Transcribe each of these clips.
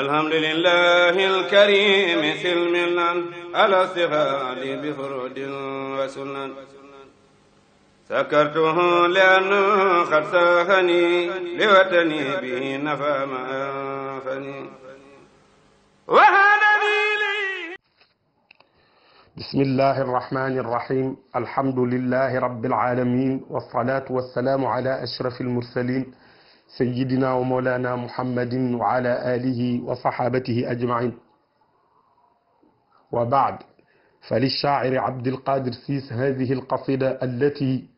alhamdulillahi alkarimi silmilan ala sihadi bi furudin wa sunan sakartuhu liannu qad sahani liwatani bihi nafa ma anfani بسم الله الرحمن الرحيم الحمد لله رب العالمين والصلاة والسلام على أشرف المرسلين sayidina wa mawlana muhammadin wa ala alihi wa sahabatihi ajmain wa baad فللشاعر عبد القادر سيس هذه القصيدة التي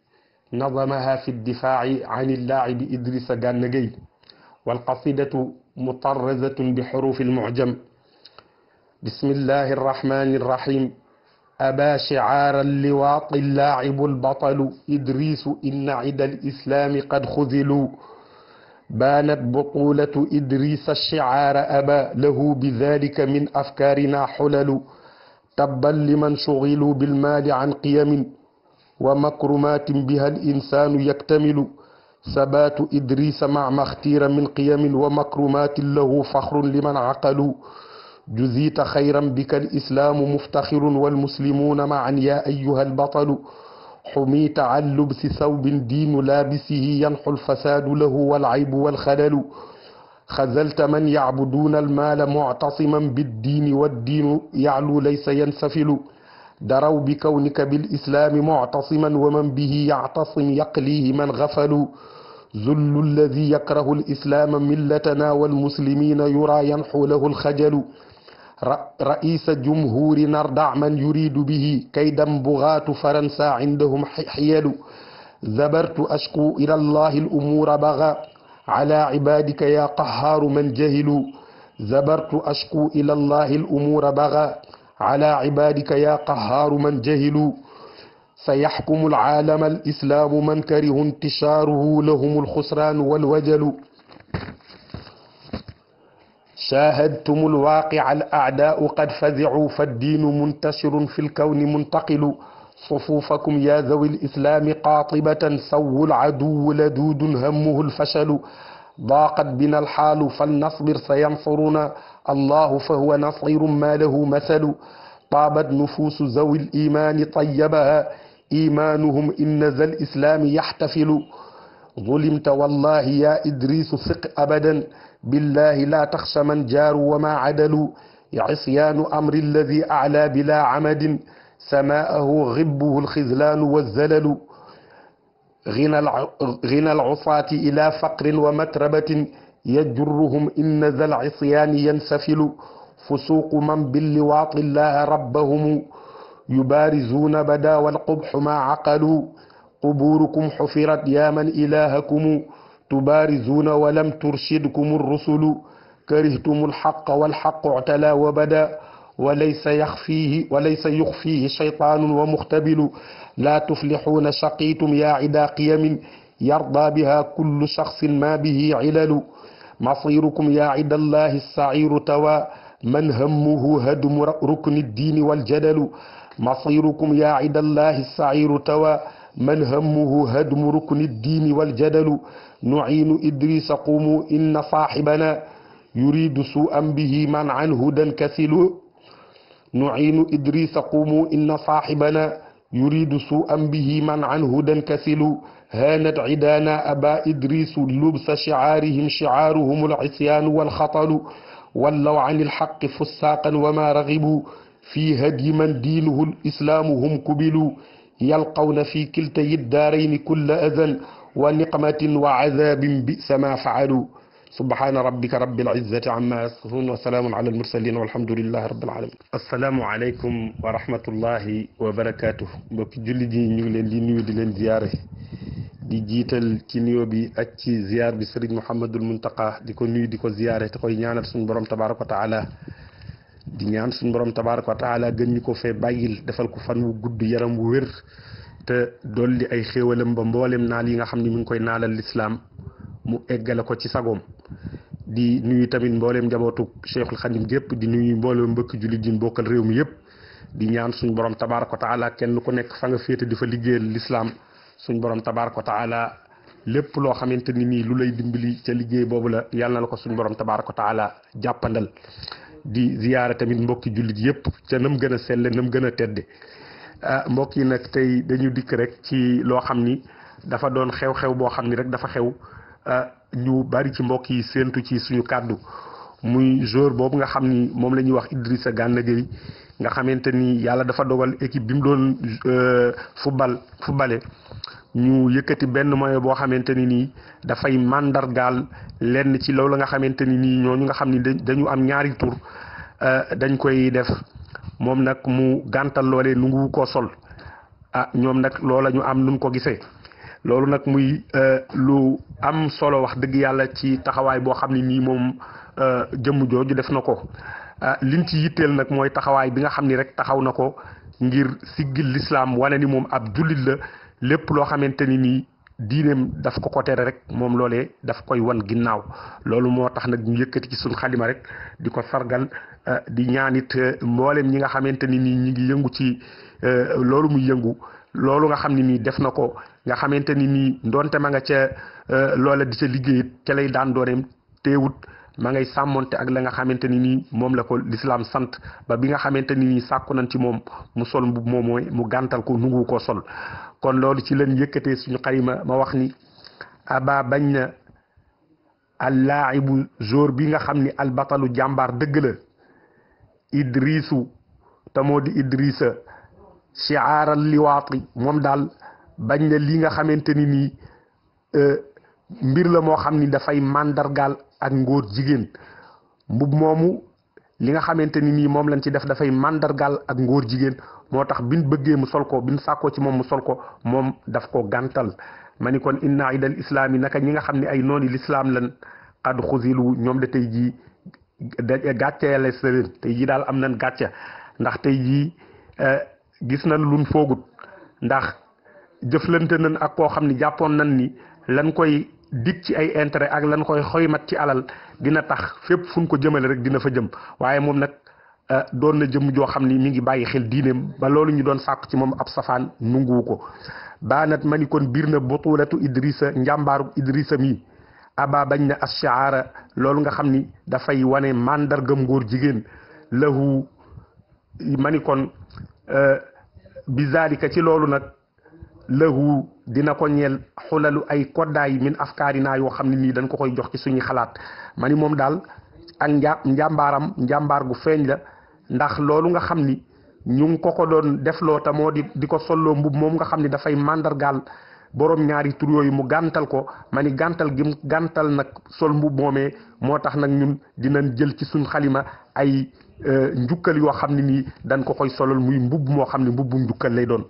نظمها في الدفاع عن اللاعب إدريس جانجي والقصيدة مطرزة بحروف المعجم بسم الله الرحمن الرحيم أبا شعار اللواط اللاعب البطل إدريس إن عد الإسلام قد خذلوا بانت بطولة إدريس الشعار أبا له بذلك من أفكارنا حلل تبا لمن شغلوا بالمال عن قيم ومكرمات بها الإنسان يكتمل ثبات إدريس مع ما اختير من قيم ومكرمات له فخر لمن عقلوا جزيت خيرا بك الإسلام مفتخر والمسلمون معا يا أيها البطل حميت عن لبس ثوب دين لابسه ينحو الفساد له والعيب والخلل خذلت من يعبدون المال معتصما بالدين والدين يعلو ليس ينسفل دروا بكونك بالإسلام معتصما ومن به يعتصم يقليه من غفل ذل الذي يكره الإسلام ملتنا والمسلمين يرى ينحو له الخجل رئيس جمهور نردع من يريد به كيدا بغاة فرنسا عندهم حيل زبرت أشكو إلى الله الأمور بغى على عبادك يا قهار من جهلوا زبرت أشكو إلى الله الأمور بغى على عبادك يا قهار من جهلوا سيحكم العالم الإسلام من كره انتشاره لهم الخسران والوجل شاهدتم الواقع الأعداء قد فزعوا فالدين منتشر في الكون منتقل صفوفكم يا ذوي الإسلام قاطبة سووا العدو لدود همه الفشل ضاقت بنا الحال فلنصبر سينصرنا الله فهو نصير ما له مثل طابت نفوس ذوي الإيمان طيبها إيمانهم إن ذا الإسلام يحتفل ظلمت والله يا إدريس ثق أبدا billahi laa taxsha man jaaru wa maa cadalu عصيان أمر الذي أعلى بلا عمد سماءه غبه الخذلان والزلل غنى العصاة إلى فقر ومتربة يجرهم إن ذا العصيان ينسفل فسوق من باللواط الله ربهم يبارزون بدا والقبح ما عقلوا قبوركم حفرت يا من إلهكم tubaarizuuna walam turshidkum rusulu karihtumu alxaqa walxaqu uctala wa bada walaysa yaxfiihi walaysa yuxfiihi shaytaanun wa muxtabilu laa tuflixuuna shaqiitum yaa cidaa qiyamin yarda biha kullu shaxsin ma bihi cilalu masirukum yaa cidallahi alsaciiru tawa man hammuhu hadmu rukni ddiini waljadalu masirukum yaa cidallahi alsaciiru tawa man hammuhu hadmu rukni ddiini waljadalu nuciinu idrisa qumu inna saaxibana yuridu suan bihi man an hudan kasilu nuciinu idrisa qumu inna saaxibana yuridu suan bihi man an hudan kasilu haanat cidaana aba idrisu lubsa shicaarihim shicaaruhum alcisyaanu walxatalu wallaw can ilxaqi fusaaqan wama ragibu fi hadyi man diinuhu lislaamu hum kubilu yalqawna fi kiltayi daarayni kulla azan wa niqmatin wa azabin bisa ma faalu subhaana rabbika rabbil izzati amma yasifun wa salaamun ala almursalin walhamdulillahi rabbil alamin assalaamu aleykum wa rahmatullahi wa barakatuh mbokki jullit yi ñu ngi leen di nuyu di leen ziyaare di jiital ci nuyoo bi ak ci ziyaar bi sëriñ Mouhamadul Muntaqa di ko nuyu di ko ziyaare te koy ñaanal suñu borom tabaraka wa taala di ñaan suñu borom tabaraka wa taala gën ñu ko fee bàyyil defal ko fan wu gudd yaram wu wér te dolli ay xéewalam ba mbooleem naal yi nga xam ni mi ngi koy naanal lislaam mu eggale ko ci sagoom di nuyu tamit mbooleem njabootu Cheikhul Khadim gépp di nuyu mboole mbëkk jullit yi mbokkal réew mi yëpp di ñaan suñ borom tabaaraka wa taala kenn ku nekk fa féete di fa liggéeyal lislaam suñ borom tabaaraka wa taala lépp loo xamante ni nii lu lay dimbali ca liggéey boobu la yàlla la ko suñ borom tabaaraka wa taala jàppandal di ziyaara tamit mbokki jullit yëpp ca nam gën a selle nam gën a tedde ah mbokk yi nag tey dañu dikk rek ci loo xam ni dafa doon xew-xew boo xam ni rek dafa xew euh, ñu bari ci mbokk yi séentu ci suñu kàddu muy joueur boobu nga xam ni moom la ñuy wax sa Gana Gueye nga xamante ni yàlla dafa dogal équipe bi mu doon euh, football footballé ñu yëkkati benn moyen boo xamante ni nii dafay màndargaal lenn ci loolu nga xamante ni nii ñooñu nga xam ni dañu am ñaari tur dañ koy def. moom nag mu gàntal loolee nu ngu koo sol a ah, ñoom nag loola ñu am nun ko gisee loolu nag muy euh, lu am solo wax dëgg yàlla ci taxawaay boo xam ne nii moom euh, jëmm jooju def na ko ah, liñ ci yitteel nag mooy taxawaay bi nga xam ni rek taxaw na ko ngir si siggil lislaam wane ni moom ab jullit la lépp loo xamante ni nii diineem daf ko ko tere rek moom loole daf koy wan ginnaaw loolu moo tax nag ñu yëkkati ci suñ xalima rek di ko sargal Euh, di ñaanit euh, mboolem ñi nga xamante ni nii ñi ngi yëngu ci euh, loolu mu yëngu loolu nga xam ne nii def na ko nga xamante ni nii ndonte ma nga ca loola di ca liggéeyit ca lay daan dooneem teewut ma ngay sàmmonte ak la nga xamante ni nii moom la ko lislaam sant ba bi nga xamante ni nii sàkku nañ ci moom mu sol mbub moom mooy mu gàntal ko nungu ko sol kon loolu ci leen yëkkatee suñu xarima ma wax ni aba bañ na allaahibu jour bi nga xam ni albatalu jàmbaar dëgg la idrisu te moo di idrisa chiaaral liwaati moom daal bañ na li nga xamante ni nii euh, mbir la moo xam ni dafay màndargaal ak ngóor jigéen mbub moomu li nga xamante ni nii moom lañ ci def dafay màndargaal ak ngóor jigéen moo tax bin bëggee mu sol ko bin sàkkoo ci moom mu sol ko moom daf ko gantal ma ni kon inna idal islaam yi naka ñi nga xam ne ay nooni lislaam lan qad xuzilu ñoom da tey jii gàcceele sëriñ tey jii daal am nañ gàcce ndax tey jii eh, gis nañ luñ foogut ndax jëflante nañ ak koo xam ni jàppoon nañ ni lan koy dig ci ay intérêt ak lan koy xoymat ci alal dina tax fépp fu ko jëmale rek dina fa jëm waaye moom nag eh, doon na jëm joo xam ni mi ngi bàyyi xel diineem ba loolu ñu doon sàkk ci moom ab safaan nunguwu ko baanat ma ni kon biir na butulatu Idrissa njàmbaaru Idrissa mi aba bañ na ashaara loolu nga xam ni dafay wane màndargam góor jigéen lahu ma ni kon euh, bi ci loolu nag lahu dina ko ñeel xulalu ay koddaay min afkaarinaa yoo xam ne nii dañ ko koy jox ci suñuy xalaat mani moom daal ak nja njàmbaaram njàmbaar gu feeñ la ndax loolu nga xam ni ñu ngi ko ko doon defloo ta moo di ko solloo mbub moom nga xam ni dafay màndargaal borom ñaari tur yooyu mu gàntal ko ma ni gàntal gim mu gàntal nag sol mbu moomee moo tax nag ñun dinañ jël ci suñ xalima ay euh, njukkal yoo xam ne nii dañ ko koy solal muy mbubb moo xam ne mbubbu njukkal lay doon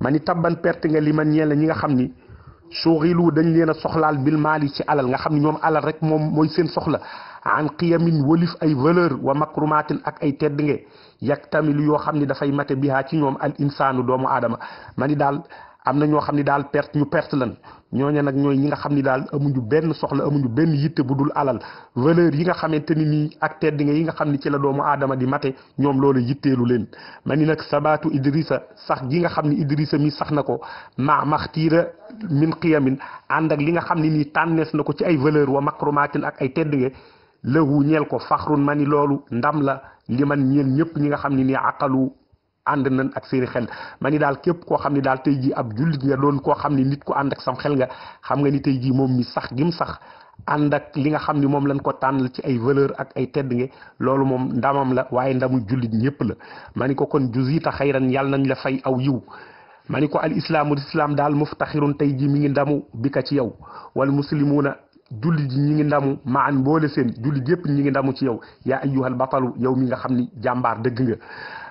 ma ni tabban perte nga li man ñeel la ñi nga xam ni suuxilu dañ leen a soxlaal bil maali ci alal nga xam ne ñoom alal rek moom mooy seen soxla an qiyamin walif ay valeur wa makrumatin ak ay tedd nge yak tamilu yoo xam ne dafay mate bihaa ci ñoom al insaanu doomu aadama ma daal am na ñoo xam ni daal perte ñu perte lan ñooñu nag ñooy ñi nga xam ni daal amuñu benn soxla amuñu benn yitte bu dul alal valeur yi nga xamante ni nii ak tedd nga yi nga xam ni ci la doomu aadama di mate ñoom loolu yitteelu leen ma ni nag sabaatu idrissa sax gi nga xam ni idrissa mi sax na ko ma maxtiira min xiyamin ànd ak li nga xam ni nii tànnees na ko ci ay valeur wa makrumatin ak ay tedd nga lëhu ñeel ko faxrun ma ni loolu ndam la li man ñeel ñëpp ñi nga xam ni nii aqalu ànd nañ ak seeni xel ma ni daal képp koo xam ne daal tey jii ab jullit nga doon ko xam ne nit ko ànd ak sam xel nga xam nga ni tey jii moom mi sax gim sax ànd ak li nga xam ni moom lañ ko tànnal ci ay valeur ak ay tedd nge loolu moom ndamam la waaye ndamu jullit ñëpp la ma ni ko kon juzita xayran yàlla nañ la fay aw yiw ma ni ko al islaamu islam daal muftaxirun tey jii mi ngi ndamu bi ci yow wal muslimuuna jullit yi ñi ngi ndamu maan boole seen jullit yëpp ñi ngi ndamu ci yow yaa ayyuhal batalu yow mi nga xam ni jàmbaar dëgg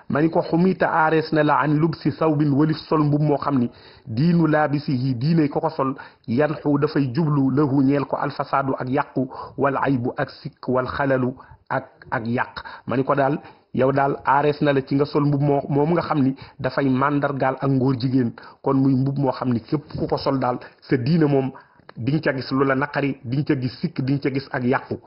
ma ni ko xumita aarees na la an lubsi sawbin walif sol mbub moo xam ni diinu laabisihi diine ko ko sol yanxu dafay jublu lahu ñeel ko alfasaadu ak yàqu wal aybu ak sikk wal xalalu ak ak yàq ma ni ko daal yow daal aarees na la ci nga sol mbub moo moom nga xam ni dafay màndargaal ak ngóor jigéen kon muy mbub moo xam ni képp ku ko sol daal sa diine moom di nga ca gis lu la naqari ca gis sikk di ca gis ak yàqu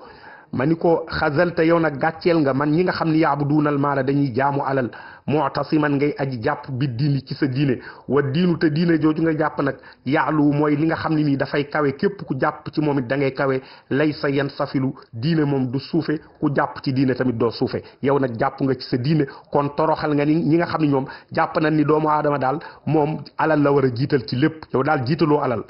ma ni ko xazalta yow nag gàcceel nga man ñi nga xam ni yaabuduunal maala dañuy jaamu alal man ngay aji jàpp bi diini ci sa diine wa diinu te diine jooju nga jàpp nag yaalu mooy li nga xam ne nii dafay kawe képp ku jàpp ci moom it da ngay kawe lay sa yan safilu diine moom du suufe ku jàpp ci diine tamit doo suufe yow nag jàpp nga ci sa diine kon toroxal nga ni ñi nga xam ne ñoom jàpp nañ ni doomu aadama daal moom alal la war a jiital ci lépp yow daal jiitaloo alal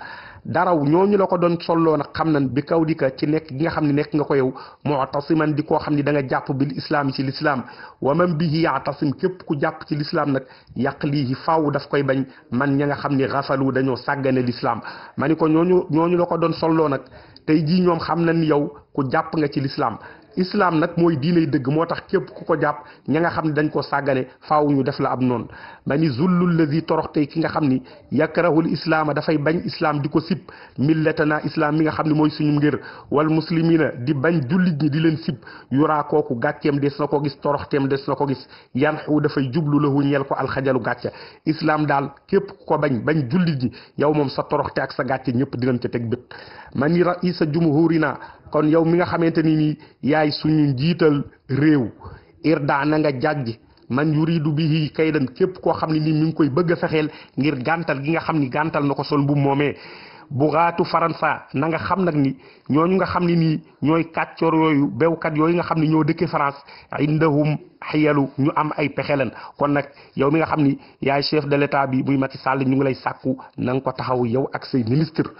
daraw ñu la ko doon solloo nag xam nan bi kaw di ka ci nekk gi nga xam ne nekk nga ko yow moo mutasiman di koo xam ni da nga jàpp bi islaam ci lislaam wa man bihi yaatasim képp ku jàpp ci lislaam nag yàq lii faaw daf koy bañ man ña nga xam ni rafalu dañoo sàggane lislaam ma ni ko ñooñu ñooñu la ko doon solloo nag tey jii ñoom xam nañ yow ku jàpp nga ci lislaam islaam nag mooy diinay dëgg moo tax képp ku ko jàpp ña nga xam ne dañ ko sàggane faaw ñu def la ab noon ma ni zullul lazi torox tey ki nga xam ni yakrahul islaam dafay bañ islam di ko sib millatana islam mi nga xam ne mooy suñu ngir wal muslimina di bañ jullit ñi di leen sib yuraa kooku gàcceem des na ko gis toroxteem des na ko gis yan xu dafay jublu lahu ko alxajalu gàcce islam daal képp ku ko bañ bañ jullit ñi yow moom sa toroxte ak sa gàcce ñëpp dinañ ca teg bët ma ni raisa jumhurina kon yow mi nga xamante ni nii yaay suñu jiital réew irda na nga jàjj man yuridu bihi kaydan képp koo xam ne nii mi ngi koy bëgg a fexeel ngir gàntal gi nga xam ni gàntal na ko sol bu moomee bugaatu faransa na nga xam nag ni ñooñu nga xam ne nii ñooy kàccoor yooyu bewkat yooyu nga xam ne ñoo dëkke ay indahum xiyalu ñu am ay pexelan kon nag yow mi nga xam ni yaay chef de l'état bi muy Macky Sall ñu ngi lay sàkku na nga ko taxaw yow ak say ministre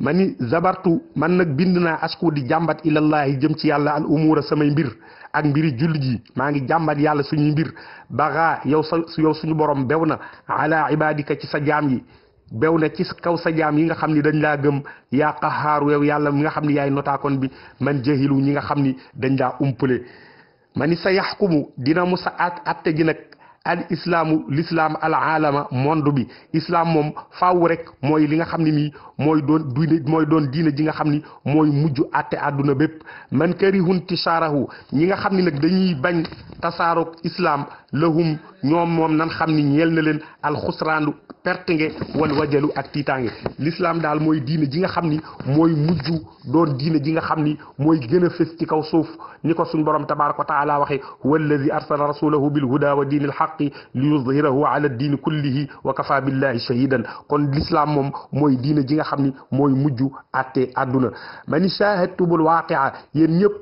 ma ni zabartu man nag bind naa asku di jàmbat ilallahi jëm ci yàlla al umura samay mbir ak mbiri julli ji maa ngi jàmbat yàlla suñu mbir baxa yow sa yow suñu borom bew na ala ibadika ci sa jaam yi bew na ci kaw sa jam yi nga xam ni dañ laa gëm ya qaxaaru yow yàlla mi nga xam ni yaay notaakoon bi man jahilu ñi nga xam ni dañ laa umpale ma ni sa yaxkumu dina mu sa at atte ji nag al islaamu l'islaam al alama monde bi islam moom faw rek mooy li nga xam ne nii mooy doon diine mooy doon diine ji nga xam ni mooy mujj àtte àdduna bépp man karihun tisaarahu ñi nga xam ni nag dañuy bañ tasaaroog islam lahum ñoom moom nan xam ni ñeel na leen alxusraanu perte nge wal wajalu ak tiitaange l'islam daal mooy diine ji nga xam ni mooy mujj doon diina ji nga xam ni mooy gën a fës ci kaw suuf ni ko suñ borom tabaraka wa taala waxe huwa alladi arsala rasulahu bil huda wa diini alxaqi li yuzhirahu ala diini kullihi wa kafa billahi shahidan kon l'islam moom mooy diina ji nga xam ni mooy mujj atte àdduna man shahadtu bul waaqia yéen ñëpp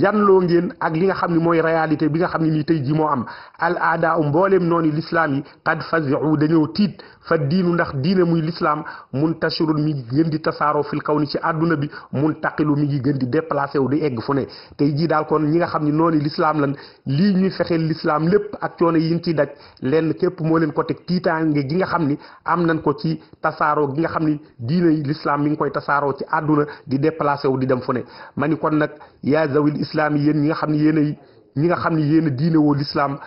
janloo ngeen ak li nga xam ne mooy réalité bi nga xam ne nii tey ji moo am al aada u mbooleem noonu lislaam yi qad faziu dañoo tiit fa diinu ndax diine muy lislaam muntashirun mi ngi gën di tasaaroo fil kaw ni ci àdduna bi muntaqilu mi ngi gën di déplacé wu di egg fu ne tey jii daal kon ñi nga xam ne noonu lislaam lan lii ñuy fexee lislaam lépp ak coono yi ñu ciy daj lenn képp moo leen ko teg tiitaange gi nga xam ni am nañ ko ci tasaaroo gi nga xam ni diine lislaam mi ngi koy tasaaroo ci àdduna di déplacé wu di dem fu ne ma kon nag yaa zawil islaam yi yéen ñi nga xam ne yéen ñi nga xam ne yéen a lislaam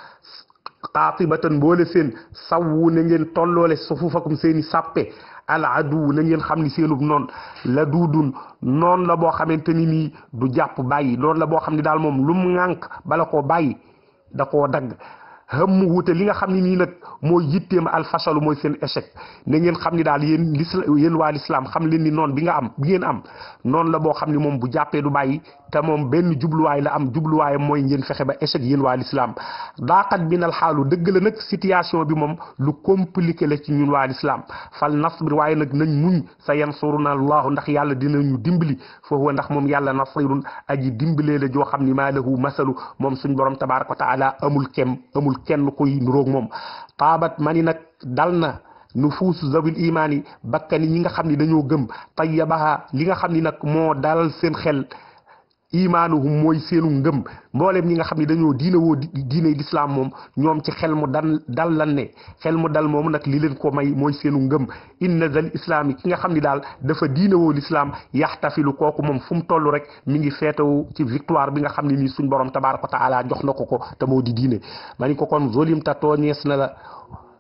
xaatibatan boole seen sawwu na ngeen tolloole sufufakum seen i sàppe al aduw na ngeen xam ni seenub noon la duudun noon la boo xamante ni nii du jàpp bàyyi noonu la boo xam ne daal moom lu mu ŋànk bala koo bàyyi da koo dagg xëmm wuute li nga xam ne nii nag mooy yitteem alfasalu mooy seen échec na ngeen xam ni daal yéen lisla yéen waa lislaam xam leen ni noon bi nga am bi ngeen am noonu la boo xam ni moom bu jàppee du bàyyi te moom benn jubluwaay la am jubluwaayam mooy ngeen fexe ba échec yéen waa lislaam daaqat bi nal xaalu dëgg la nag situation bi moom lu compliqué la ci ñun waa lislaam fal nasbir waaye nag nañ muñ sa na allahu ndax yàlla dinañu dimbali foofu ndax moom yàlla nasirun aji dimbalee la joo xam ni maa lahu masalu moom suñ borom tabaraka amul kenn kuy nuroog moom taabat ma ni nag dal na nufuusu zawil imaan yi bakkani ñi nga xam ni dañoo gëm tayyabaha li nga xam ni nag moo dalal seen xel imaanuhum mooy seenu ngëm mbooleem ñi nga xam ne dañoo diina woo diiney lislaam moom ñoom ci xel mu dan dal lan ne xel mu dal moom nag li leen ko may mooy seenu ngëm inna zal islaam yi ki nga xam ne daal dafa diina woo lislaam yaxtafilu kooku moom fu mu toll rek mi ngi feetawu ci victoire bi nga xam ne nii suñ borom tabaaraka wa taala jox na ko ko te moo di diine ma ko kon zolim ta tooñees na la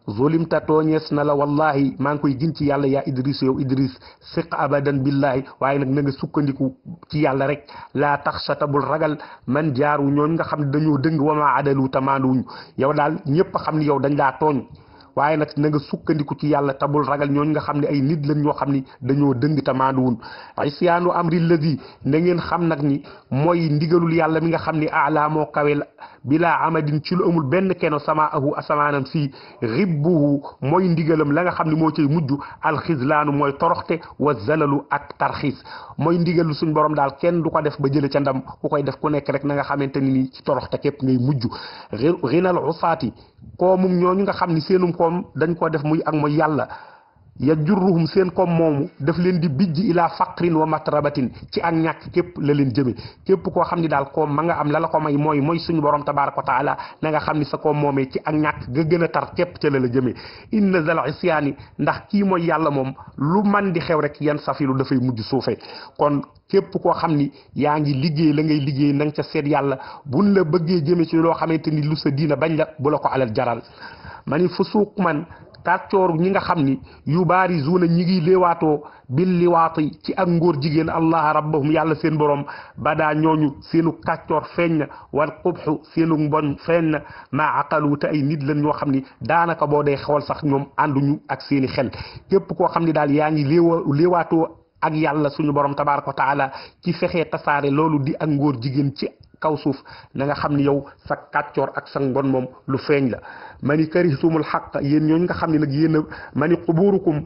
zulimta tooñees na la wallahi maa ngi koy gin ci yàlla yaa idris yow idris siq abadan billahi waaye nag na sukkandiku ci yàlla rek laa tax sa tabul ragal man jaaru ñooñ nga xam ne dañoo dëng wama adalu tamaanduwuñu yow daal ñëpp xam ni yow dañ laa tooñ waaye nag na nga sukkandiku ci yàlla tabul ragal ñooñu nga xam ne ay nit lañ ñoo xam ni dañoo dëng tamaanduwun isyaanu amri ladi na ngeen xam nag ni mooy ndigalul yàlla mi nga xam ni ala moo kawel bilaa amadin ci lu amul benn keno sama ahu asamaanam si ribbuhu mooy ndigalam la nga xam ne moo ci mujj alxislaanu mooy toroxte wa zalalu ak tarxiis mooy ndigalu suñ borom daal kenn du ko def ba jële ca ndam ku koy def ku nekk rek na nga xamante ni ci toroxte képp ngay mujj rinal koomum ñooñu nga xam ni seenum koom dañ koo def muy ak mooy yàlla yajurruhum seen kom moomu daf leen di bijj ilaa faqrin wa matrabatin ci ak ñàkk képp la leen jëme képp koo xam ni daal koom ma nga am la la ko may mooy mooy suñu borom tabaraka wa taala na nga xam ni sa koom moomee ci ak ñàkk nga gën a tar képp ca la la jëmee inna zal isyaani ndax kii mooy yàlla moom lu man di xew rek yan safilu dafay mujj suufe kon képp koo xam ni yaa ngi liggéey la ngay liggéey na nga ca seet yàlla buñ la bëggee jëme ci loo xamante ni lu sa diina bañ la bu ko alal jaral kàccoor ñi nga xam ni yu baari zuuna ñi ngi léewaatoo bil liwaati ci ak ngóor jigéen allah rabbahum yàlla seen borom badaa ñooñu seenu kàccoor feeñ na wal qubxu seenu mboñ feeñ na maa aqalu te ay nit lan ñoo xam ni daanaka boo dee xewal sax ñoom ànduñu ak seeni xel képp koo xam ni daal yaa ngi léewa ak yàlla suñu borom tabaaraka wa taala ci fexe tasaare loolu di ak ngóor jigéen ci kaw suuf na nga xam ni yow sa kàccoor ak sa mbon moom lu feeñ la mani karitumul xaq yéen ñooñu nga xam ni nag yéen a mani quburukum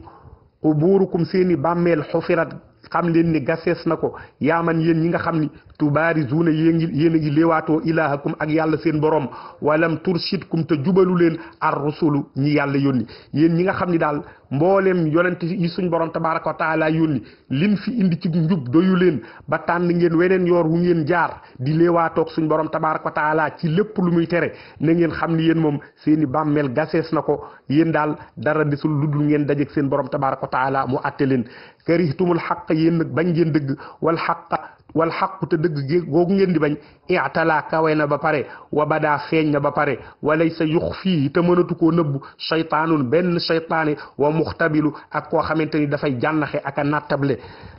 quburukum seeni bàmmeel xufirat xam leen ni gasees na ko yaaman yéen ñi nga xam ni tubaari zuuna yéen ngi yéen a ngi léewaatoo ilaahakum ak yàlla seen borom walam tursidkum te jubalu leen ar rusulu ñi yàlla yónni yéen ñi nga xam ni daal mboolem yonent yi suñ borom tabaaraka wa taala yónni lim fi indi ci njub doyu leen ba tànn ngeen weneen yoor wu ngeen jaar di léewaatoog suñ borom tabaaraka wa taala ci lépp lu muy tere na ngeen xam ni yéen moom seeni bàmmeel gasees na ko yéen daal dara desul lu dul ngeen dajeeg seen borom tabaaraka wa taala mu atte leen karihtumul xaq yéen nag bañ ngeen dëgg wal xaqa wal xaqu te dëgg gi googu ngeen di bañ ictalaa kawe na ba pare wa badaa feeñ na ba pare walay sa yux fii te mënatu koo nëbbu chaytaanun benn chaytaane wa muxtabilu ak koo xamante ni dafay jànnaxe ak a nattable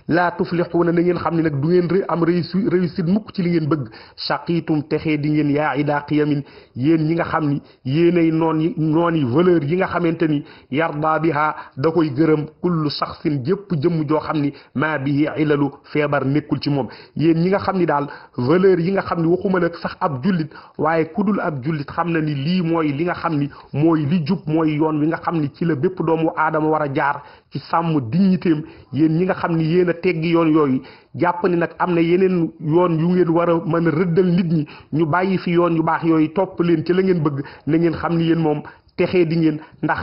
laa tuflixuuna na ngeen xam ne nag du ngeen am réussite mukk ci li ngeen bëgg shaqiitum texe di ngeen yaa idaa qiyamin yéen ñi nga xam ni yéenay noon yi noon yi valeur yi nga xamante ni bi biha da koy gërëm kullu saxsin jëpp jëmm joo xam ni maa bihi ilalu feebar nekkul ci moom yéen ñi nga xam ni daal valeur yi nga xam ni waxuma la sax ab jullit waaye ku dul ab jullit xam na ni lii mooy li nga xam ni mooy li jub mooy yoon wi nga xam ni ci la bépp doomu aadama war a jaar ci sàmm dignitéem yéen ñi nga xam ni yéen a teggi yoon yooyu jàpp ni nag am na yeneen yoon yu ngeen war a mën a rëddal nit ñi ñu bàyyi fi yoon yu baax yooyu topp leen ci la ngeen bëgg na ngeen xam ni yéen moom texe di ngeen ndax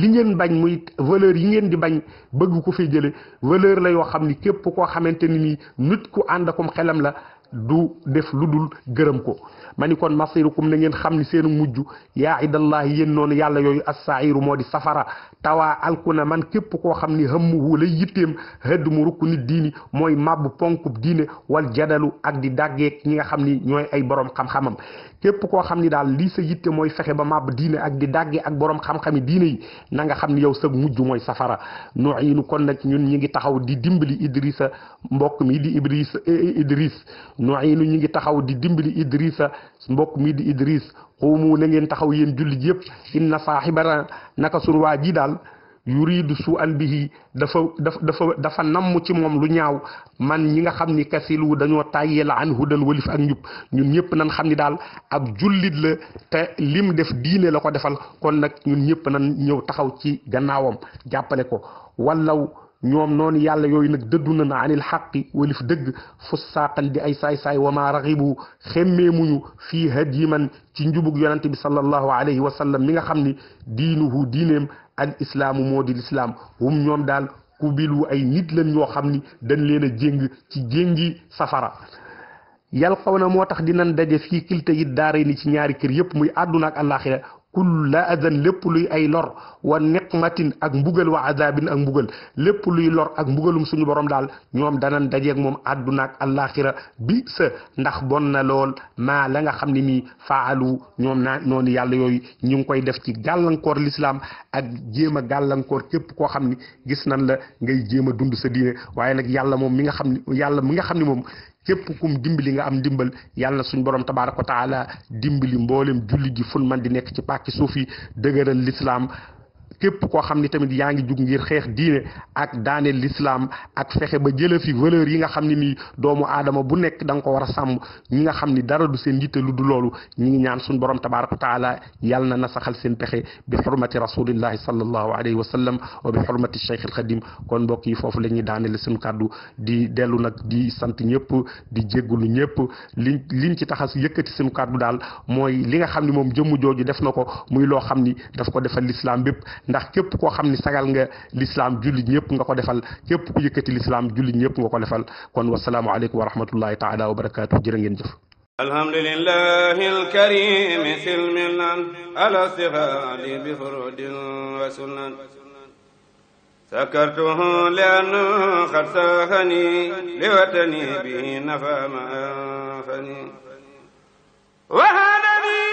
li ngeen bañ muy valeur yi ngeen di bañ bëgg ko fee jële valeur la yoo xam ni képp koo xamante ni nii nit ku ànd akum xelam la du def lu dul gërëm ko ma ni kon masirukum na ngeen xam ni seen mujj yaa idallahi yéen noonu yàlla yooyu assairu moo di safara tawaa alkuna man képp koo xam ni hëmmuhu lay yitteem hëdd mu rukk nit diini mooy màbb ponkub diine wal jadalu ak di dàggeek ki nga xam ni ñooy ay borom xam-xamam képp koo xam ni daal lii sa yitte mooy fexe ba màbb diine ak di dàggee ak borom xam-xami diine yi na nga xam ni yow sa mujj mooy safara nuiinu kon nag ñun ñi ngi taxaw di dimbali Idrissa mbokk mi di Idriss eh, eh, Idriss nuiinu ñu ngi taxaw di dimbali Idrissa mbokk mi di Idriss xuumu na ngeen taxaw yéen jullit yëpp inna saaxibana naka sunu waa ji daal yuridu su an bihi dafa dafa dafa namm ci moom lu ñaaw man ñi nga xam ni kasilu dañoo tàyyee la an hudan walif ak ñub ñun ñëpp nan xam ni daal ab jullit la te lim def diine la ko defal kon nag ñun ñëpp nan ñëw taxaw ci gannaawam jàppale ko wallaw ñoom noonu yàlla yooyu nag dëddu na na anil xaqi walif dëgg fu saaqal di ay saay-saay wama raxibu xemmeemuñu fii hadyi man ci njubug yonante bi sallallahu alayhi wa sallam mi nga xam ni diinuhu diineem al islaamu moo di lislaam hum ñoom daal kubilu ay nit lañ ñoo xam ni dañ leen a jéng ci jéngi safara yàlla xaw na moo tax dinañ daje fii kilte yi daare ni ci ñaari kër yëpp muy àdduna ak la adan lépp luy ay lor wa niqmatin ak mbugal wa adabin ak mbugal lépp luy lor ak mbugalum suñu borom daal ñoom danan dajeeg moom àdduna ak allaaxira bi sa ndax bon na lool maa la nga xam ne nii faalu ñoom na noonu yàlla yooyu ñu ngi koy def ci gàllankoor lislaam ak jéem a gàllankoor képp koo xam ni gis nan la ngay jéem a dund sa diine waaye nag yàlla moom mi nga xam yàlla mi nga xam ni moom képp kum dimbali nga am ndimbal yàlla na suñ borom tabaaraka wa taala dimbali mboolem julli ji fun man di nekk ci pàkki suuf yi dëgëral lislaam képp koo xam ni tamit yaa ngi jug ngir xeex diine ak daaneel lislaam ak fexe ba jële fi valeur yi nga xam ne nii doomu aadama bu nekk da nga ko war a sàmm ñi nga xam ni dara du seen yitte lu du loolu ñi ngi ñaan suñu borom tabaraka wa taala yàlla na nasaxal seen pexe bi xurmati rasulillahi sallallahu alayhi wa sallam wa bi xurmati cheikh alxadim kon mbokk yi foofu la ñuy daaneel suñu kaddu di dellu nag di sant ñëpp di jéggulu ñëpp liñ liñ ci taxas yëkkati suñu kàddu daal mooy li nga xam ne moom jëmm jooju def na ko muy loo xam ni daf ko defal lislaam bépp ndax képp koo xam ni sagal nga lislaam jullit ñëpp nga ko defal képp ku yëkkati lislaam jullit ñëpp nga ko defal kon wasalaamu aleykum wa rahmatullahi taala wa barakaatu jërë ngeen jëf alhamdulillahi alkarim silmilan alastifaadi bi furudin wa sunan سكرته لأنه قد ساهني لوطني به نفى ما أنفني